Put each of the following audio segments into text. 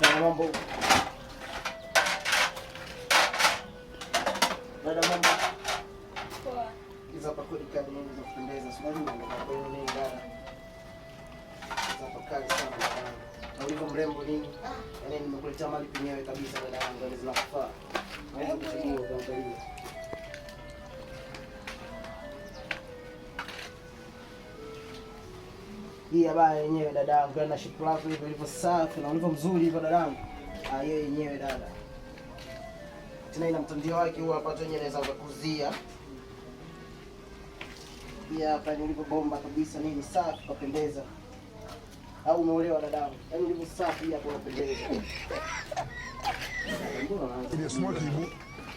Dada mambo. Dada mambo. Poa. Hizo hapa nyingi za kupendeza. Sio kwa hiyo ni dada. sana. Na ulivyo mrembo nini? Ah. Yaani nimekuletea mali penyewe kabisa dada yangu, yaani zinakufaa. Yaani Hebu hii habari yenyewe dadangu, yaani na shipu lako hivyo ilivyo safi na ulivyo mzuri hivyo dadangu, hiyo ah, yenyewe dada tena ina mtandio wake huo hapa tu yenyewe naweza ukakuzia pia hapa ni ulivyo bomba kabisa, nini safi pendeza. Au umeolewa dadangu, yaani ulivyo safi hapo hivyo.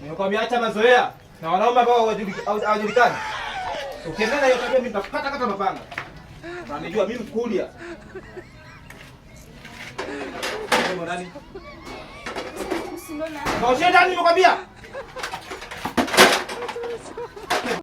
Nimekwambia acha mazoea na wanaume ambao hawajulikani. Ukiendelea hiyo tabia mimi nitakukata kata mapanga. Na nijua mimi mkulia. Ndio ndani Ndio nani nimekwambia?